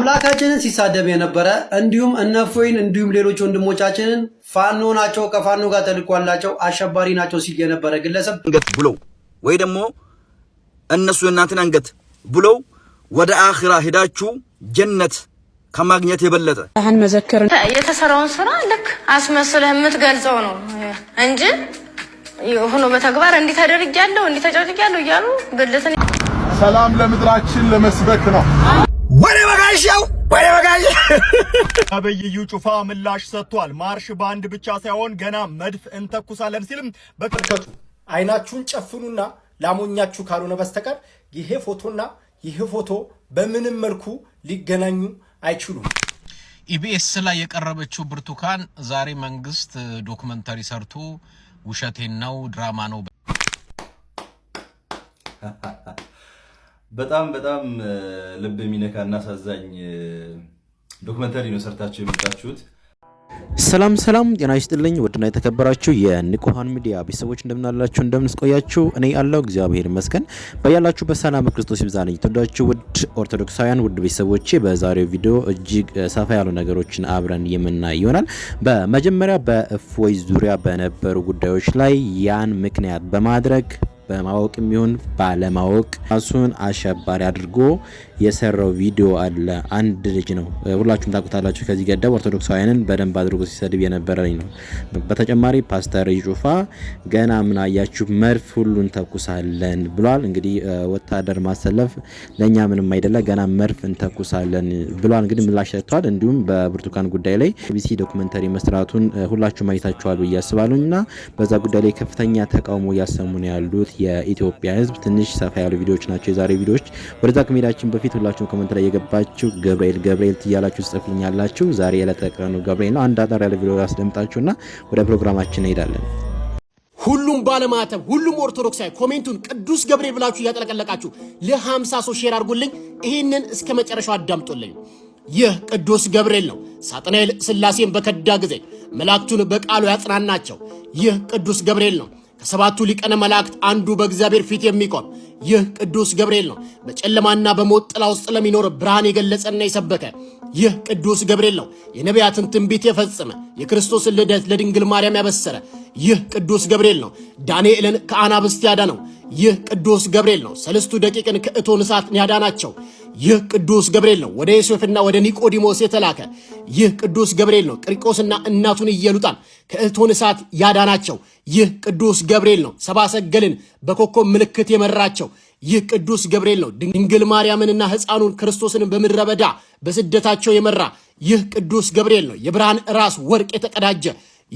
አምላካችንን ሲሳደብ የነበረ እንዲሁም እነፎይን እንዲሁም ሌሎች ወንድሞቻችንን ፋኖ ናቸው፣ ከፋኖ ጋር ተልኳላቸው አሸባሪ ናቸው ሲል የነበረ ግለሰብ አንገት ብለው ወይ ደግሞ እነሱ የእናንተን አንገት ብለው ወደ አኺራ ሄዳችሁ ጀነት ከማግኘት የበለጠ አሁን መዘከር የተሰራውን ስራ ልክ አስመስለህ የምትገልጸው ነው እንጂ ሆኖ በተግባር እንዲህ ተደርጊያለሁ እንዲህ ተጨጭጊያለሁ እያሉ ግልትን ሰላም ለምድራችን ለመስበክ ነው። ወደ በጋሻው ወደ በጋሻው አብይ እዩ ጩፋ ምላሽ ሰጥቷል። ማርሽ በአንድ ብቻ ሳይሆን ገና መድፍ እንተኩሳለን ሲልም በከቱ አይናችሁን ጨፍኑና ላሞኛችሁ ካልሆነ በስተቀር ይሄ ፎቶና ይሄ ፎቶ በምንም መልኩ ሊገናኙ አይችሉም። ኢቢኤስ ላይ የቀረበችው ብርቱካን ዛሬ መንግስት ዶክመንተሪ ሰርቶ ውሸቴን ነው ድራማ ነው በጣም በጣም ልብ የሚነካ እና አሳዛኝ ዶክመንተሪ ነው ሰርታችሁ የመጣችሁት። ሰላም ሰላም፣ ጤና ይስጥልኝ ውድና የተከበራችሁ የንቁሃን ሚዲያ ቤተሰቦች እንደምናላችሁ፣ እንደምንስቆያችሁ፣ እኔ አለው እግዚአብሔር ይመስገን። በያላችሁ በሰላም ክርስቶስ ይብዛልኝ። የተወዳችሁ ውድ ኦርቶዶክሳውያን ውድ ቤተሰቦቼ በዛሬው ቪዲዮ እጅግ ሰፋ ያሉ ነገሮችን አብረን የምናይ ይሆናል። በመጀመሪያ በእፎይ ዙሪያ በነበሩ ጉዳዮች ላይ ያን ምክንያት በማድረግ በማወቅ የሚሆን ባለማወቅ ራሱን አሸባሪ አድርጎ የሰራው ቪዲዮ አለ። አንድ ልጅ ነው፣ ሁላችሁም ታውቁታላችሁ። ከዚህ ገደብ ኦርቶዶክሳውያንን በደንብ አድርጎ ሲሰድብ የነበረ ልጅ ነው። በተጨማሪ ፓስተር ጩፋ ገና ምን አያችሁ መድፍ ሁሉን እንተኩሳለን ብሏል። እንግዲህ ወታደር ማሰለፍ ለእኛ ምንም አይደለ፣ ገና መድፍ እንተኩሳለን ብሏል። እንግዲህ ምላሽ ሰጥቷል። እንዲሁም በብርቱካን ጉዳይ ላይ ቢሲ ዶክመንተሪ መስራቱን ሁላችሁም አይታችኋል ብዬ አስባለሁኝ እና በዛ ጉዳይ ላይ ከፍተኛ ተቃውሞ እያሰሙ ነው ያሉት የኢትዮጵያ ህዝብ ትንሽ ሰፋ ያሉ ቪዲዮዎች ናቸው የዛሬ ቪዲዮዎች። ወደዛ ከመሄዳችን በፊት ሁላችሁም ኮመንት ላይ የገባችሁ ገብርኤል ገብርኤል ትያላችሁ ትጽፍልኛላችሁ። ዛሬ ያለጠቀኑ ገብርኤል ነው። አንድ አጠር ያለ ቪዲዮ ያስደምጣችሁና ወደ ፕሮግራማችን እንሄዳለን። ሁሉም ባለማተብ ሁሉም ኦርቶዶክሳዊ ኮሜንቱን ቅዱስ ገብርኤል ብላችሁ እያጠለቀለቃችሁ ለ50 ሰው ሼር አድርጉልኝ። ይህንን እስከ መጨረሻው አዳምጦልኝ። ይህ ቅዱስ ገብርኤል ነው። ሳጥናኤል ስላሴን በከዳ ጊዜ መላእክቱን በቃሉ ያጽናናቸው ይህ ቅዱስ ገብርኤል ነው። ከሰባቱ ሊቀነ መላእክት አንዱ በእግዚአብሔር ፊት የሚቆም ይህ ቅዱስ ገብርኤል ነው። በጨለማና በሞት ጥላ ውስጥ ለሚኖር ብርሃን የገለጸና የሰበከ ይህ ቅዱስ ገብርኤል ነው። የነቢያትን ትንቢት የፈጸመ የክርስቶስን ልደት ለድንግል ማርያም ያበሰረ ይህ ቅዱስ ገብርኤል ነው። ዳንኤልን ከአናብስት ያዳነው ይህ ቅዱስ ገብርኤል ነው። ሰለስቱ ደቂቅን ከእቶን እሳት ያዳናቸው ይህ ቅዱስ ገብርኤል ነው። ወደ ዮሴፍና ወደ ኒቆዲሞስ የተላከ ይህ ቅዱስ ገብርኤል ነው። ቂርቆስና እናቱን እየሉጣን ከእቶን እሳት ያዳናቸው ይህ ቅዱስ ገብርኤል ነው። ሰብአ ሰገልን በኮከብ ምልክት የመራቸው ይህ ቅዱስ ገብርኤል ነው። ድንግል ማርያምንና ሕፃኑን ክርስቶስን በምድረ በዳ በስደታቸው የመራ ይህ ቅዱስ ገብርኤል ነው። የብርሃን ራስ ወርቅ የተቀዳጀ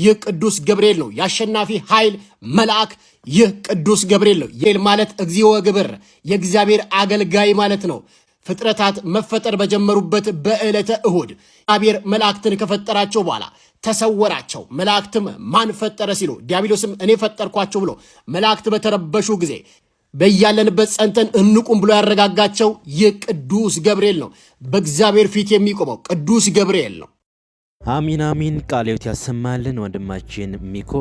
ይህ ቅዱስ ገብርኤል ነው። የአሸናፊ ኃይል መልአክ ይህ ቅዱስ ገብርኤል ነው። ይል ማለት እግዚኦ ግብር የእግዚአብሔር አገልጋይ ማለት ነው። ፍጥረታት መፈጠር በጀመሩበት በዕለተ እሁድ እግዚአብሔር መላእክትን ከፈጠራቸው በኋላ ተሰወራቸው። መላእክትም ማን ፈጠረ ሲሉ ዲያብሎስም እኔ ፈጠርኳቸው ብሎ መላእክት በተረበሹ ጊዜ በያለንበት ጸንተን እንቁም ብሎ ያረጋጋቸው ይህ ቅዱስ ገብርኤል ነው። በእግዚአብሔር ፊት የሚቆመው ቅዱስ ገብርኤል ነው። አሚን አሚን ቃለ ሕይወት ያሰማልን ወንድማችን ሚኮ።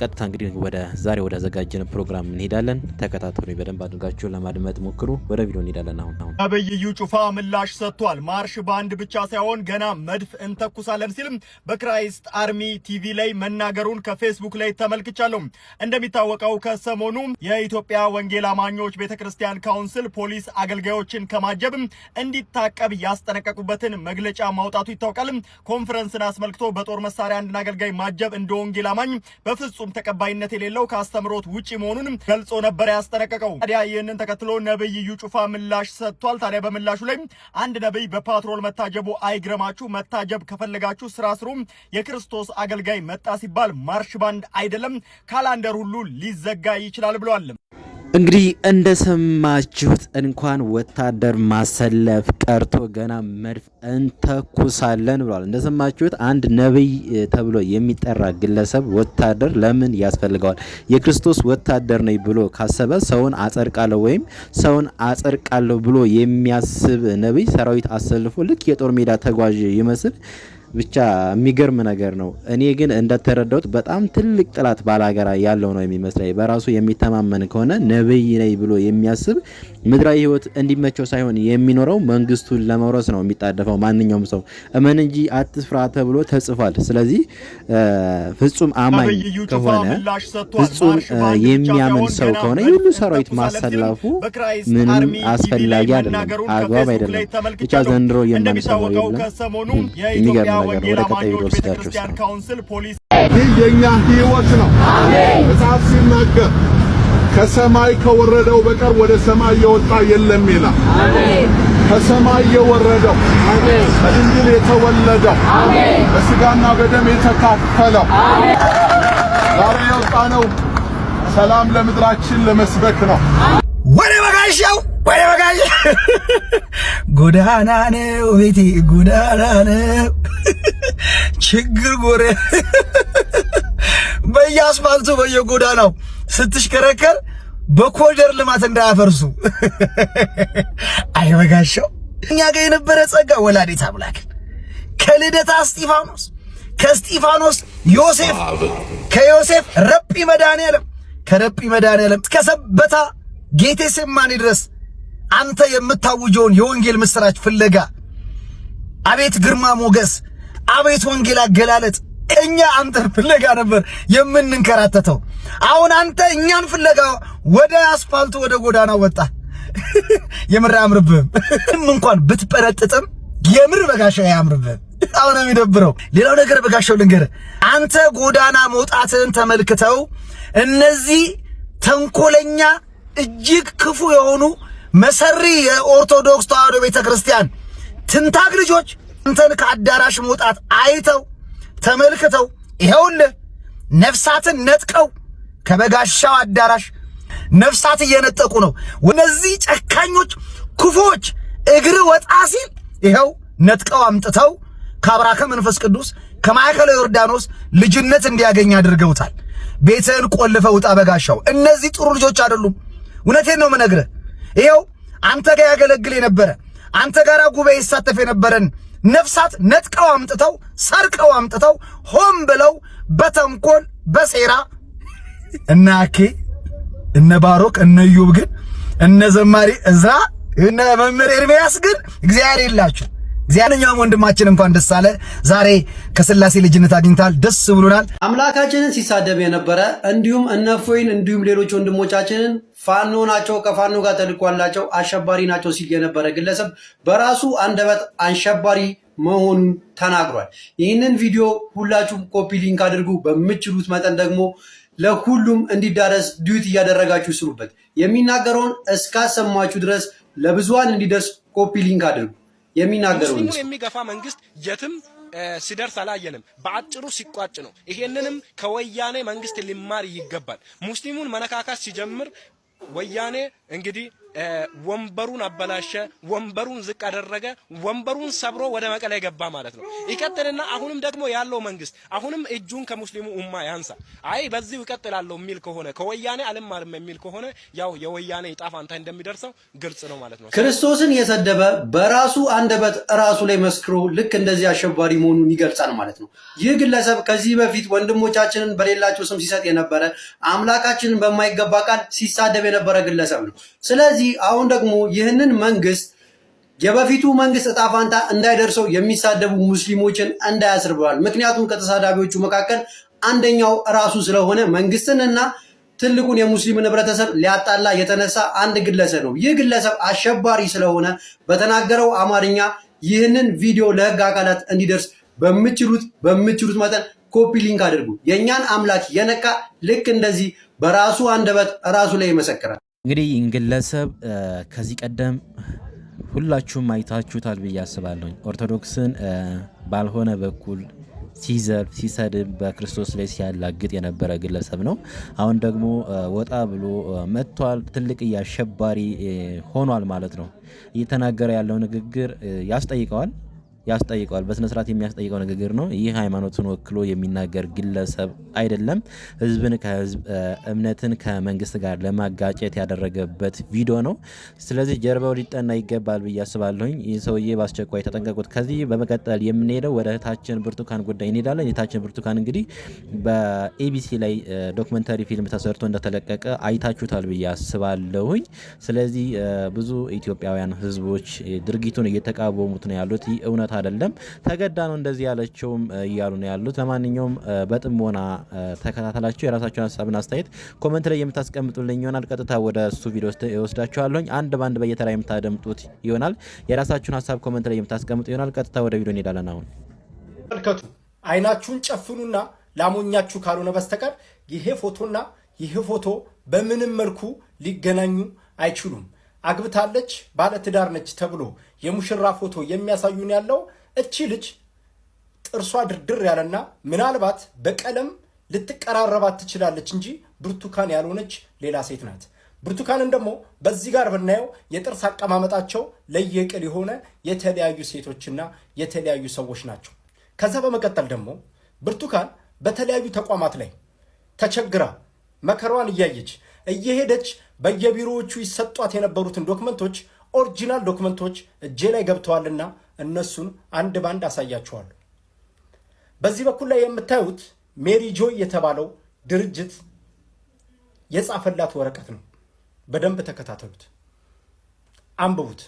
ቀጥታ እንግዲህ ወደ ዛሬ ወደ አዘጋጀን ፕሮግራም እንሄዳለን። ተከታተሉ በደንብ አድርጋችሁ ለማድመጥ ሞክሩ። ወደ ቪዲዮ እንሄዳለን። አሁን አሁን አብይ እዩ ጩፋ ምላሽ ሰጥቷል። ማርሽ ባንድ ብቻ ሳይሆን ገና መድፍ እንተኩሳለን ሲልም በክራይስት አርሚ ቲቪ ላይ መናገሩን ከፌስቡክ ላይ ተመልክቻለሁ። እንደሚታወቀው ከሰሞኑ የኢትዮጵያ ወንጌል አማኞች ቤተክርስቲያን ካውንስል ፖሊስ አገልጋዮችን ከማጀብ እንዲታቀብ ያስጠነቀቁበትን መግለጫ ማውጣቱ ይታወቃል። ኮንፈረንስ ። አስመልክቶ በጦር መሳሪያ አንድን አገልጋይ ማጀብ እንደ ወንጌል አማኝ በፍጹም ተቀባይነት የሌለው ከአስተምሮት ውጪ መሆኑን ገልጾ ነበር ያስጠነቀቀው። ታዲያ ይህንን ተከትሎ ነብይ እዩ ጩፋ ምላሽ ሰጥቷል። ታዲያ በምላሹ ላይ አንድ ነብይ በፓትሮል መታጀቡ አይግረማችሁ፣ መታጀብ ከፈለጋችሁ ስራ ስሩ። የክርስቶስ አገልጋይ መጣ ሲባል ማርሽ ባንድ አይደለም ካላንደር ሁሉ ሊዘጋ ይችላል ብለዋል። እንግዲህ እንደሰማችሁት እንኳን ወታደር ማሰለፍ ቀርቶ ገና መድፍ እንተኩሳለን ብሏል። እንደሰማችሁት አንድ ነቢይ ተብሎ የሚጠራ ግለሰብ ወታደር ለምን ያስፈልገዋል? የክርስቶስ ወታደር ነኝ ብሎ ካሰበ ሰውን አጸድቃለሁ ወይም ሰውን አጸድቃለሁ ብሎ የሚያስብ ነቢይ ሰራዊት አሰልፎ ልክ የጦር ሜዳ ተጓዥ ይመስል ብቻ የሚገርም ነገር ነው። እኔ ግን እንደተረዳሁት በጣም ትልቅ ጥላት ባላገራ ያለው ነው የሚመስለኝ። በራሱ የሚተማመን ከሆነ ነብይ ነኝ ብሎ የሚያስብ ምድራዊ ህይወት እንዲመቸው ሳይሆን የሚኖረው መንግስቱን ለመውረስ ነው የሚጣደፈው። ማንኛውም ሰው እመን እንጂ አትፍራ ተብሎ ተጽፏል። ስለዚህ ፍጹም አማኝ ከሆነ ፍጹም የሚያምን ሰው ከሆነ የሁሉ ሰራዊት ማሰላፉ ምንም አስፈላጊ አይደለም፣ አግባብ አይደለም። ብቻ ዘንድሮ የማንሰማው የሚገርም ነገር ወደ ቀጣይ ቪዲዮ ስዳቸው ይህ የእኛ ህይወት ነው መጽሐፍ ሲናገር ከሰማይ ከወረደው በቀር ወደ ሰማይ የወጣ የለም ይላል። ከሰማይ የወረደው በድንግል የተወለደው በስጋና በደም የተካፈለው ዛሬ ነው። ሰላም ለምድራችን ለመስበክ ነው። ወደ በጋሻው ወደ በጋሻው ጎዳና ነው ቤቴ ጎዳና ነው ችግር ጎረ በየአስፋልቱ በየጎዳናው ስትሽከረከር በኮልደር ልማት እንዳያፈርሱ። አይበጋሸው እኛ ጋር የነበረ ጸጋ ወላዴት አምላክ ከልደታ እስጢፋኖስ፣ ከእስጢፋኖስ ዮሴፍ፣ ከዮሴፍ ረጲ መድኃኔዓለም፣ ከረጲ መድኃኔዓለም እስከ ሰበታ ጌቴሴማኒ ድረስ አንተ የምታውጀውን የወንጌል ምስራች ፍለጋ አቤት ግርማ ሞገስ፣ አቤት ወንጌል አገላለጥ እኛ አንተን ፍለጋ ነበር የምንንከራተተው። አሁን አንተ እኛን ፍለጋ ወደ አስፋልቱ ወደ ጎዳና ወጣ። የምር አያምርብህም። እንኳን ብትጠረጥጥም የምር በጋሻ አያምርብህም። አሁን የሚደብረው ሌላው ነገር በጋሻው ልንገር፣ አንተ ጎዳና መውጣትን ተመልክተው እነዚህ ተንኮለኛ እጅግ ክፉ የሆኑ መሰሪ የኦርቶዶክስ ተዋሕዶ ቤተ ክርስቲያን ትንታግ ልጆች አንተን ከአዳራሽ መውጣት አይተው ተመልክተው ይኸውልህ ነፍሳትን ነጥቀው ከበጋሻው አዳራሽ ነፍሳት እየነጠቁ ነው። እነዚህ ጨካኞች ክፉዎች እግር ወጣ ሲል ይኸው ነጥቀው አምጥተው ከአብራከ መንፈስ ቅዱስ ከማዕከለ ዮርዳኖስ ልጅነት እንዲያገኝ አድርገውታል። ቤትህን ቆልፈ ውጣ በጋሻው። እነዚህ ጥሩ ልጆች አይደሉም። እውነቴን ነው የምነግርህ። ይኸው አንተ ጋር ያገለግል የነበረ አንተ ጋር ጉባኤ ይሳተፍ የነበረን ነፍሳት ነጥቀው አምጥተው ሰርቀው አምጥተው ሆን ብለው በተንኮል በሴራ እነ አኬ እነ ባሮክ እነ ዩብ ግን እነ ዘማሪ እዛ እነ መምህር ኤርሚያስ ግን እግዚአብሔር የላችሁ። እግዚአብሔርኛውም ወንድማችን እንኳን ደስ አለ። ዛሬ ከስላሴ ልጅነት አግኝታል፣ ደስ ብሎናል። አምላካችንን ሲሳደብ የነበረ እንዲሁም እነፎይን እንዲሁም ሌሎች ወንድሞቻችንን ፋኖ ናቸው ከፋኖ ጋር ተልኳላቸው አሸባሪ ናቸው ሲል የነበረ ግለሰብ በራሱ አንደበት አሸባሪ መሆኑን ተናግሯል። ይህንን ቪዲዮ ሁላችሁም ኮፒ ሊንክ አድርጉ፣ በምችሉት መጠን ደግሞ ለሁሉም እንዲዳረስ ዲዩት እያደረጋችሁ ስሩበት። የሚናገረውን እስካሰማችሁ ድረስ ለብዙሀን እንዲደርስ ኮፒ ሊንክ አድርጉ። የሚናገረውን የሚገፋ መንግስት የትም ሲደርስ አላየንም። በአጭሩ ሲቋጭ ነው። ይሄንንም ከወያኔ መንግስት ሊማር ይገባል። ሙስሊሙን መነካካት ሲጀምር ወያኔ እንግዲህ ወንበሩን አበላሸ፣ ወንበሩን ዝቅ አደረገ፣ ወንበሩን ሰብሮ ወደ መቀለ ገባ ማለት ነው። ይቀጥልና አሁንም ደግሞ ያለው መንግስት አሁንም እጁን ከሙስሊሙ ኡማ ያንሳ። አይ በዚህ እቀጥላለሁ የሚል ከሆነ ከወያኔ አልማርም የሚል ከሆነ ያው የወያኔ ዕጣ ፈንታ እንደሚደርሰው ግልጽ ነው ማለት ነው። ክርስቶስን የሰደበ በራሱ አንደበት ራሱ ላይ መስክሮ ልክ እንደዚህ አሸባሪ መሆኑን ይገልጻል ማለት ነው። ይህ ግለሰብ ከዚህ በፊት ወንድሞቻችንን በሌላቸው ስም ሲሰጥ የነበረ አምላካችንን በማይገባ ቃል ሲሳደብ የነበረ ግለሰብ ነው። ስለዚህ ስለዚህ አሁን ደግሞ ይህንን መንግስት የበፊቱ መንግስት እጣ ፋንታ እንዳይደርሰው የሚሳደቡ ሙስሊሞችን እንዳያስርበዋል። ምክንያቱም ከተሳዳቢዎቹ መካከል አንደኛው ራሱ ስለሆነ መንግስትንና ትልቁን የሙስሊም ህብረተሰብ ሊያጣላ የተነሳ አንድ ግለሰብ ነው። ይህ ግለሰብ አሸባሪ ስለሆነ በተናገረው አማርኛ ይህንን ቪዲዮ ለህግ አካላት እንዲደርስ በምችሉት በምችሉት መጠን ኮፒ ሊንክ አድርጉ። የእኛን አምላክ የነካ ልክ እንደዚህ በራሱ አንደበት ራሱ ላይ ይመሰክራል። እንግዲህ ግለሰብ ከዚህ ቀደም ሁላችሁም አይታችሁታል ብዬ አስባለሁኝ። ኦርቶዶክስን ባልሆነ በኩል ሲዘብ ሲሰድብ በክርስቶስ ላይ ሲያላግጥ የነበረ ግለሰብ ነው። አሁን ደግሞ ወጣ ብሎ መጥቷል። ትልቅ አሸባሪ ሆኗል ማለት ነው። እየተናገረ ያለው ንግግር ያስጠይቀዋል። ያስጠይቀዋል። በስነስርዓት የሚያስጠይቀው ንግግር ነው። ይህ ሃይማኖቱን ወክሎ የሚናገር ግለሰብ አይደለም። ህዝብን ከህዝብ እምነትን ከመንግስት ጋር ለማጋጨት ያደረገበት ቪዲዮ ነው። ስለዚህ ጀርባው ሊጠና ይገባል ብዬ አስባለሁኝ። ይህ ሰውዬ በአስቸኳይ ተጠንቀቁት። ከዚህ በመቀጠል የምንሄደው ወደ እህታችን ብርቱካን ጉዳይ እንሄዳለን። እህታችን ብርቱካን እንግዲህ በኤቢሲ ላይ ዶክመንተሪ ፊልም ተሰርቶ እንደተለቀቀ አይታችሁታል ብዬ አስባለሁኝ። ስለዚህ ብዙ ኢትዮጵያውያን ህዝቦች ድርጊቱን እየተቃወሙት ነው ያሉት። ይህ እውነታ አይደለም፣ ተገዳ ነው እንደዚህ ያለችውም እያሉ ነው ያሉት። ለማንኛውም በጥሞና ተከታተላችሁ የራሳችሁን ሀሳብን አስተያየት ኮመንት ላይ የምታስቀምጡልኝ ይሆናል። ቀጥታ ወደ እሱ ቪዲዮ ይወስዳችኋለሁኝ። አንድ በአንድ በየተራ የምታደምጡት ይሆናል። የራሳችሁን ሀሳብ ኮመንት ላይ የምታስቀምጡ ይሆናል። ቀጥታ ወደ ቪዲዮ እንሄዳለን። አሁን መልከቱ አይናችሁን ጨፍኑና ላሞኛችሁ ካልሆነ በስተቀር ይሄ ፎቶና ይሄ ፎቶ በምንም መልኩ ሊገናኙ አይችሉም። አግብታለች፣ ባለትዳር ነች ተብሎ የሙሽራ ፎቶ የሚያሳዩን ያለው እቺ ልጅ ጥርሷ ድርድር ያለና ምናልባት በቀለም ልትቀራረባት ትችላለች እንጂ ብርቱካን ያልሆነች ሌላ ሴት ናት። ብርቱካንን ደግሞ በዚህ ጋር ብናየው የጥርስ አቀማመጣቸው ለየቅል የሆነ የተለያዩ ሴቶችና የተለያዩ ሰዎች ናቸው። ከዛ በመቀጠል ደግሞ ብርቱካን በተለያዩ ተቋማት ላይ ተቸግራ መከሯን እያየች እየሄደች በየቢሮዎቹ ይሰጧት የነበሩትን ዶክመንቶች ኦሪጂናል ዶክመንቶች እጄ ላይ ገብተዋልና እነሱን አንድ ባንድ አሳያችኋለሁ። በዚህ በኩል ላይ የምታዩት ሜሪ ጆይ የተባለው ድርጅት የጻፈላት ወረቀት ነው። በደንብ ተከታተሉት፣ አንብቡት።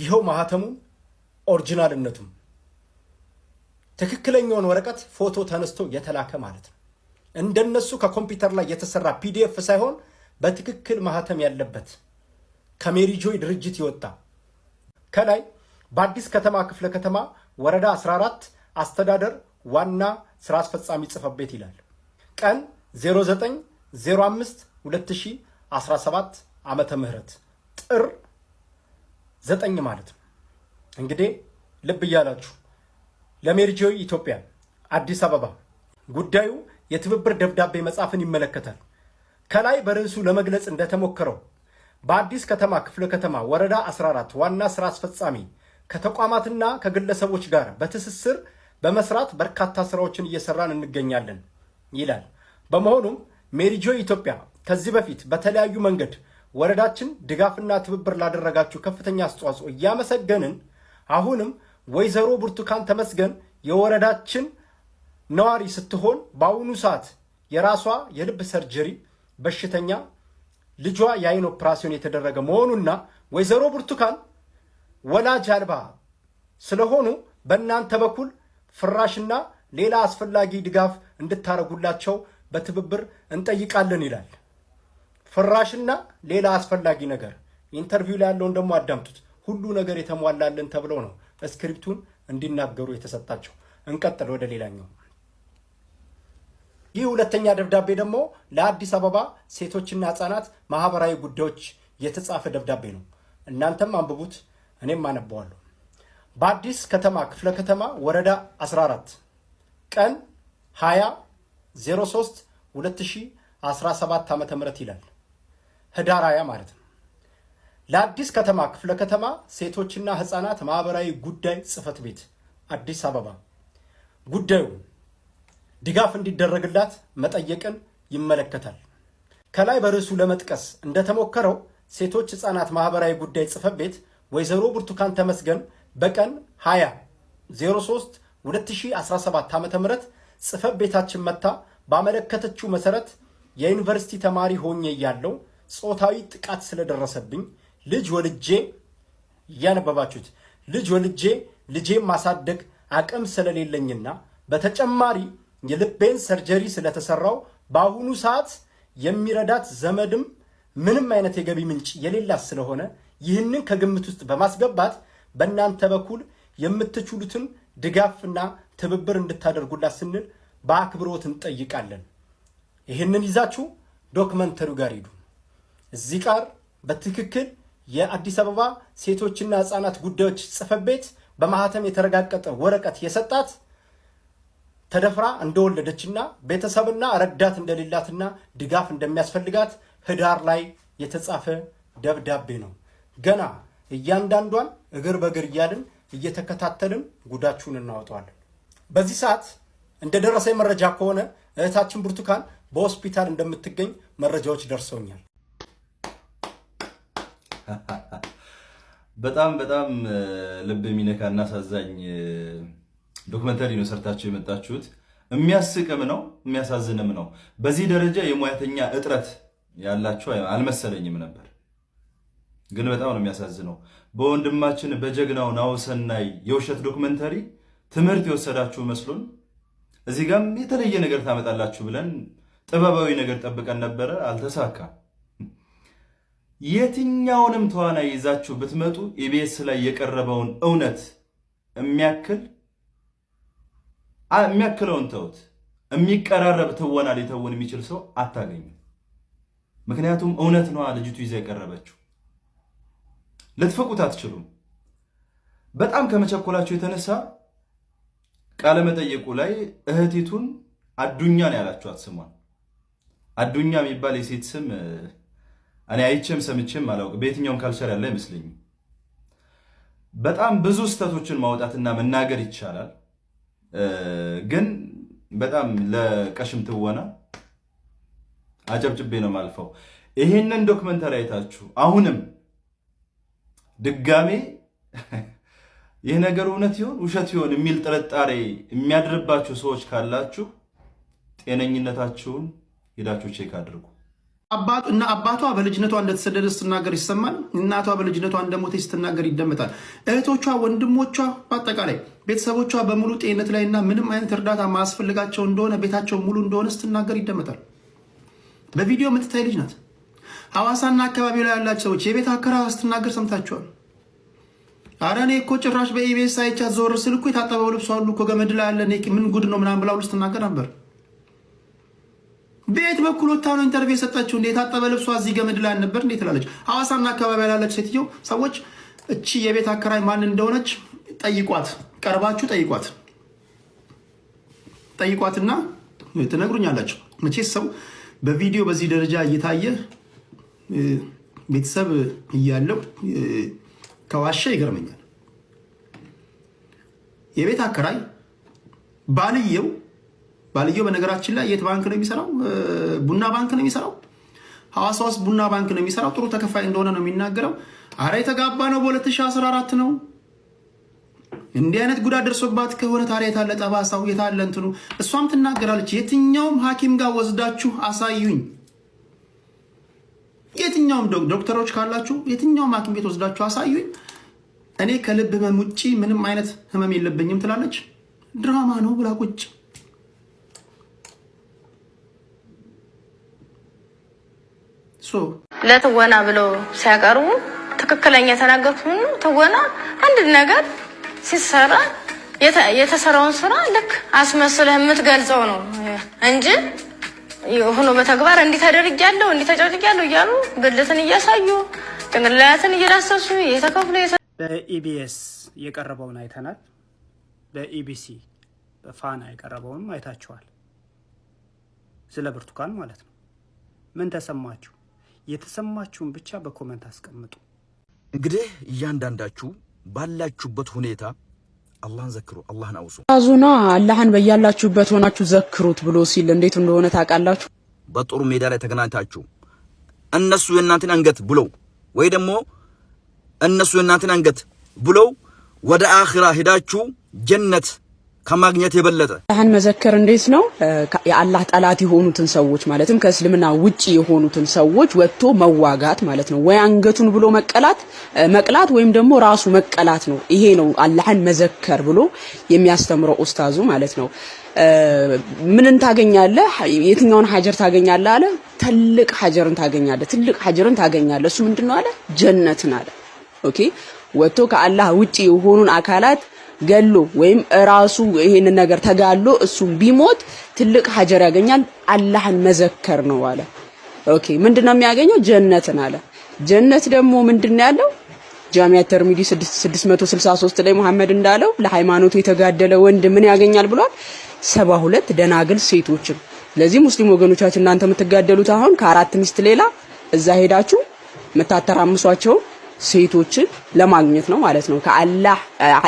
ይኸው ማህተሙም ኦሪጂናልነቱም ትክክለኛውን ወረቀት ፎቶ ተነስቶ የተላከ ማለት ነው። እንደነሱ ከኮምፒውተር ላይ የተሰራ ፒዲኤፍ ሳይሆን በትክክል ማህተም ያለበት ከሜሪጆይ ድርጅት ይወጣ። ከላይ በአዲስ ከተማ ክፍለ ከተማ ወረዳ 14 አስተዳደር ዋና ስራ አስፈጻሚ ጽሕፈት ቤት ይላል። ቀን 0905 2017 ዓመተ ምህረት ጥር 9 ማለት ነው። እንግዲህ ልብ እያላችሁ ለሜሪጆይ ኢትዮጵያ አዲስ አበባ ጉዳዩ የትብብር ደብዳቤ መጻፍን ይመለከታል። ከላይ በርዕሱ ለመግለጽ እንደተሞከረው በአዲስ ከተማ ክፍለ ከተማ ወረዳ 14 ዋና ስራ አስፈጻሚ ከተቋማትና ከግለሰቦች ጋር በትስስር በመስራት በርካታ ስራዎችን እየሰራን እንገኛለን ይላል። በመሆኑም ሜሪጆ ኢትዮጵያ ከዚህ በፊት በተለያዩ መንገድ ወረዳችን ድጋፍና ትብብር ላደረጋችሁ ከፍተኛ አስተዋጽኦ እያመሰገንን አሁንም ወይዘሮ ብርቱካን ተመስገን የወረዳችን ነዋሪ ስትሆን በአሁኑ ሰዓት የራሷ የልብ ሰርጀሪ በሽተኛ ልጇ የአይን ኦፕራሲዮን የተደረገ መሆኑና ወይዘሮ ብርቱካን ወላጅ አልባ ስለሆኑ በእናንተ በኩል ፍራሽና ሌላ አስፈላጊ ድጋፍ እንድታደርጉላቸው በትብብር እንጠይቃለን ይላል። ፍራሽና ሌላ አስፈላጊ ነገር ኢንተርቪው ላይ ያለውን ደግሞ አዳምጡት። ሁሉ ነገር የተሟላልን ተብለው ነው እስክሪፕቱን እንዲናገሩ የተሰጣቸው። እንቀጥል ወደ ሌላኛው ይህ ሁለተኛ ደብዳቤ ደግሞ ለአዲስ አበባ ሴቶችና ህጻናት ማህበራዊ ጉዳዮች የተጻፈ ደብዳቤ ነው። እናንተም አንብቡት፣ እኔም አነበዋለሁ። በአዲስ ከተማ ክፍለ ከተማ ወረዳ 14 ቀን 20 03 2017 ዓ ም ይላል ህዳር 20 ማለት ነው። ለአዲስ ከተማ ክፍለ ከተማ ሴቶችና ህጻናት ማህበራዊ ጉዳይ ጽህፈት ቤት አዲስ አበባ ጉዳዩ ድጋፍ እንዲደረግላት መጠየቅን ይመለከታል። ከላይ በርዕሱ ለመጥቀስ እንደተሞከረው ሴቶች ህፃናት ማህበራዊ ጉዳይ ጽፈት ቤት ወይዘሮ ብርቱካን ተመስገን በቀን 20 03 2017 ዓ ም ቤታችን መታ ባመለከተችው መሰረት የዩኒቨርሲቲ ተማሪ ሆኜ ያለው ጾታዊ ጥቃት ስለደረሰብኝ ልጅ ወልጄ እያነበባችሁት ልጅ ወልጄ ልጄ ማሳደግ አቅም ስለሌለኝና በተጨማሪ የልቤን ሰርጀሪ ስለተሰራው በአሁኑ ሰዓት የሚረዳት ዘመድም ምንም አይነት የገቢ ምንጭ የሌላት ስለሆነ ይህንን ከግምት ውስጥ በማስገባት በእናንተ በኩል የምትችሉትን ድጋፍና ትብብር እንድታደርጉላት ስንል በአክብሮት እንጠይቃለን። ይህንን ይዛችሁ ዶክመንተሪው ጋር ሂዱ። እዚህ ጋር በትክክል የአዲስ አበባ ሴቶችና ሕፃናት ጉዳዮች ጽሕፈት ቤት በማህተም የተረጋገጠ ወረቀት የሰጣት ተደፍራ እንደወለደችና ቤተሰብና ረዳት እንደሌላትና ድጋፍ እንደሚያስፈልጋት ህዳር ላይ የተጻፈ ደብዳቤ ነው። ገና እያንዳንዷን እግር በእግር እያልን እየተከታተልን ጉዳችሁን እናወጣዋለን። በዚህ ሰዓት እንደደረሰ መረጃ ከሆነ እህታችን ብርቱካን በሆስፒታል እንደምትገኝ መረጃዎች ደርሰውኛል። በጣም በጣም ልብ የሚነካ እና አሳዛኝ ዶክመንተሪ ነው ሰርታችሁ የመጣችሁት። የሚያስቅም ነው የሚያሳዝንም ነው። በዚህ ደረጃ የሙያተኛ እጥረት ያላችሁ አልመሰለኝም ነበር፣ ግን በጣም ነው የሚያሳዝነው። በወንድማችን በጀግናው ናሁሰናይ የውሸት ዶክመንተሪ ትምህርት የወሰዳችሁ መስሎን እዚህ ጋም የተለየ ነገር ታመጣላችሁ ብለን ጥበባዊ ነገር ጠብቀን ነበረ፣ አልተሳካም። የትኛውንም ተዋናይ ይዛችሁ ብትመጡ ኢቢኤስ ላይ የቀረበውን እውነት የሚያክል የሚያክለውን ተውት፣ የሚቀራረብ ትወና ሊተውን የሚችል ሰው አታገኝም ምክንያቱም እውነት ነዋ ልጅቱ ይዘ የቀረበችው። ልትፍቁት አትችሉም። በጣም ከመቸኮላቸው የተነሳ ቃለመጠየቁ ላይ እህቲቱን አዱኛን ነው ያላችኋት። ስሟን አዱኛ የሚባል የሴት ስም እኔ አይቼም ሰምቼም አላውቅ። በየትኛውም ካልቸር ያለ አይመስለኝም። በጣም ብዙ ስህተቶችን ማውጣትና መናገር ይቻላል። ግን በጣም ለቀሽም ትወና አጨብጭቤ ነው ማልፈው። ይሄንን ዶክመንተሪ አይታችሁ አሁንም ድጋሜ ይህ ነገር እውነት ይሆን ውሸት ይሆን የሚል ጥርጣሬ የሚያድርባችሁ ሰዎች ካላችሁ ጤነኝነታችሁን ሄዳችሁ ቼክ አድርጉ። እና አባቷ በልጅነቷ እንደተሰደደ ስትናገር ይሰማል። እናቷ በልጅነቷ እንደሞተች ስትናገር ይደመጣል። እህቶቿ፣ ወንድሞቿ፣ በአጠቃላይ ቤተሰቦቿ በሙሉ ጤንነት ላይ እና ምንም አይነት እርዳታ ማስፈልጋቸው እንደሆነ ቤታቸው ሙሉ እንደሆነ ስትናገር ይደመጣል። በቪዲዮ የምትታይ ልጅ ናት። ሐዋሳና አካባቢ ላይ ያላቸው ሰዎች የቤት አከራዋ ስትናገር ሰምታቸዋል። አረ እኔ እኮ ጭራሽ በኢቤስ አይቻት ዞር ስል እኮ የታጠበው ልብሷ ሁሉ እኮ ገመድ ላይ ያለ ምን ጉድ ነው ምናምን ብላ ሁሉ ስትናገር ነበር። ቤት በኩል ወታ ነው ኢንተርቪው የሰጠችው። እንዴ የታጠበ ልብሷ እዚህ ገመድ ላይ አልነበር እንዴት ትላለች። ሐዋሳና አካባቢ ላለች ሴትዮ ሰዎች እቺ የቤት አከራይ ማን እንደሆነች ጠይቋት፣ ቀርባችሁ ጠይቋት። ጠይቋትና ትነግሩኛላችሁ። መቼስ ሰው በቪዲዮ በዚህ ደረጃ እየታየ ቤተሰብ እያለው ከዋሸ ይገርመኛል። የቤት አከራይ ባልየው ባልየው በነገራችን ላይ የት ባንክ ነው የሚሰራው? ቡና ባንክ ነው የሚሰራው። ሐዋሳ ውስጥ ቡና ባንክ ነው የሚሰራው። ጥሩ ተከፋይ እንደሆነ ነው የሚናገረው። አረ የተጋባ ነው በ2014 ነው። እንዲህ አይነት ጉዳት ደርሶባት ከሆነ ታዲያ የታለ ጠባሳው? የታለ እንትኑ? እሷም ትናገራለች። የትኛውም ሐኪም ጋር ወስዳችሁ አሳዩኝ። የትኛውም ዶክተሮች ካላችሁ የትኛውም ሐኪም ቤት ወስዳችሁ አሳዩኝ። እኔ ከልብ ህመም ውጭ ምንም አይነት ህመም የለብኝም ትላለች። ድራማ ነው ብላ ቁጭ ለትወና ብለው ሲያቀርቡ ትክክለኛ የተናገርኩት ትወና አንድ ነገር ሲሰራ የተሰራውን ስራ ልክ አስመስለህ የምትገልጸው ነው እንጂ ሆኖ በተግባር እንዲህ ተደርጊያለሁ እንዲህ ተጨጭጊያለሁ እያሉ ብልትን እያሳዩ ጭንቅላትን እየዳሰሱ እየተከፍሉ በኢቢኤስ የቀረበውን አይተናል። በኢቢሲ በፋና የቀረበውንም አይታችኋል። ስለ ብርቱካን ማለት ነው። ምን ተሰማችሁ? የተሰማችሁን ብቻ በኮመንት አስቀምጡ። እንግዲህ እያንዳንዳችሁ ባላችሁበት ሁኔታ አላህን ዘክሩ፣ አላህን አውሱ። አዙና አላህን በያላችሁበት ሆናችሁ ዘክሩት ብሎ ሲል እንዴት እንደሆነ ታውቃላችሁ። በጥሩ ሜዳ ላይ ተገናኝታችሁ እነሱ የእናንተን አንገት ብለው ወይ ደግሞ እነሱ የእናንተን አንገት ብለው ወደ አኺራ ሄዳችሁ ጀነት ከማግኘት የበለጠ አላህን መዘከር እንዴት ነው? የአላህ ጠላት የሆኑትን ሰዎች ማለትም ከእስልምና ውጪ የሆኑትን ሰዎች ወጥቶ መዋጋት ማለት ነው። ወይ አንገቱን ብሎ መቀላት መቅላት ወይም ደግሞ ራሱ መቀላት ነው። ይሄ ነው አላህን መዘከር ብሎ የሚያስተምረው ኡስታዙ ማለት ነው። ምንን ታገኛለህ? የትኛውን ሀጀር ታገኛለህ አለ። ትልቅ ሀጀርን ታገኛለህ፣ ትልቅ ሀጀርን ታገኛለህ። እሱ ምንድነው አለ? ጀነትን አለ። ኦኬ ወጥቶ ከአላህ ውጪ የሆኑን አካላት ገሎ ወይም ራሱ ይሄንን ነገር ተጋሎ እሱም ቢሞት ትልቅ ሀጀር ያገኛል። አላህን መዘከር ነው አለ። ኦኬ ምንድነው የሚያገኘው? ጀነትን አለ። ጀነት ደግሞ ምንድነው ያለው? ጃሚያ ተርሚዲ 663 ላይ መሐመድ እንዳለው ለሃይማኖቱ የተጋደለ ወንድ ምን ያገኛል ብሏል? 72 ደናግል ሴቶችን። ለዚህ ሙስሊም ወገኖቻችን እናንተ የምትጋደሉት አሁን ከአራት ሚስት ሌላ እዛ ሄዳችሁ የምታተራምሷቸው ሴቶችን ለማግኘት ነው ማለት ነው። ከአላህ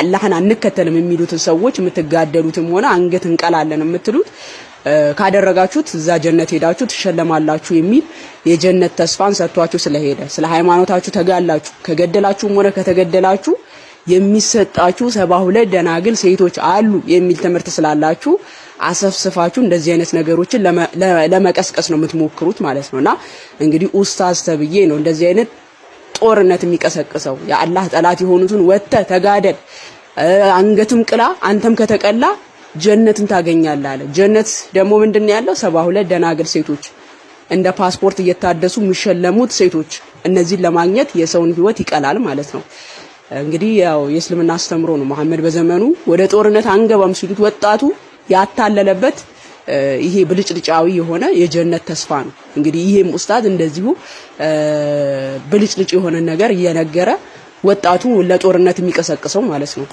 አላህን አንከተልም የሚሉትን ሰዎች የምትጋደሉትም ሆነ አንገት እንቀላለን የምትሉት ካደረጋችሁት እዛ ጀነት ሄዳችሁ ትሸለማላችሁ የሚል የጀነት ተስፋን ሰጥቷችሁ ስለሄደ ስለ ሃይማኖታችሁ ተጋላችሁ ከገደላችሁም ሆነ ከተገደላችሁ የሚሰጣችሁ ሰባ ሁለት ደናግል ሴቶች አሉ የሚል ትምህርት ስላላችሁ አሰፍስፋችሁ እንደዚህ አይነት ነገሮችን ለመቀስቀስ ነው የምትሞክሩት ማለት ነውና እንግዲህ ኡስታዝ ተብዬ ነው እንደዚህ አይነት ጦርነት የሚቀሰቅሰው የአላህ ጠላት የሆኑትን ወተ ተጋደል፣ አንገትም ቅላ፣ አንተም ከተቀላ ጀነትን ታገኛለህ አለ። ጀነት ደግሞ ምንድን ያለው ሰባ ሁለት ደናግል ሴቶች እንደ ፓስፖርት እየታደሱ የሚሸለሙት ሴቶች፣ እነዚህን ለማግኘት የሰውን ህይወት ይቀላል ማለት ነው። እንግዲህ ያው የእስልምና አስተምሮ ነው። መሐመድ በዘመኑ ወደ ጦርነት አንገባም ሲሉት ወጣቱ ያታለለበት ይሄ ብልጭልጫዊ የሆነ የጀነት ተስፋ ነው። እንግዲህ ይሄም ኡስታዝ እንደዚሁ ብልጭልጭ የሆነ ነገር እየነገረ ወጣቱ ለጦርነት የሚቀሰቅሰው ማለት ነው።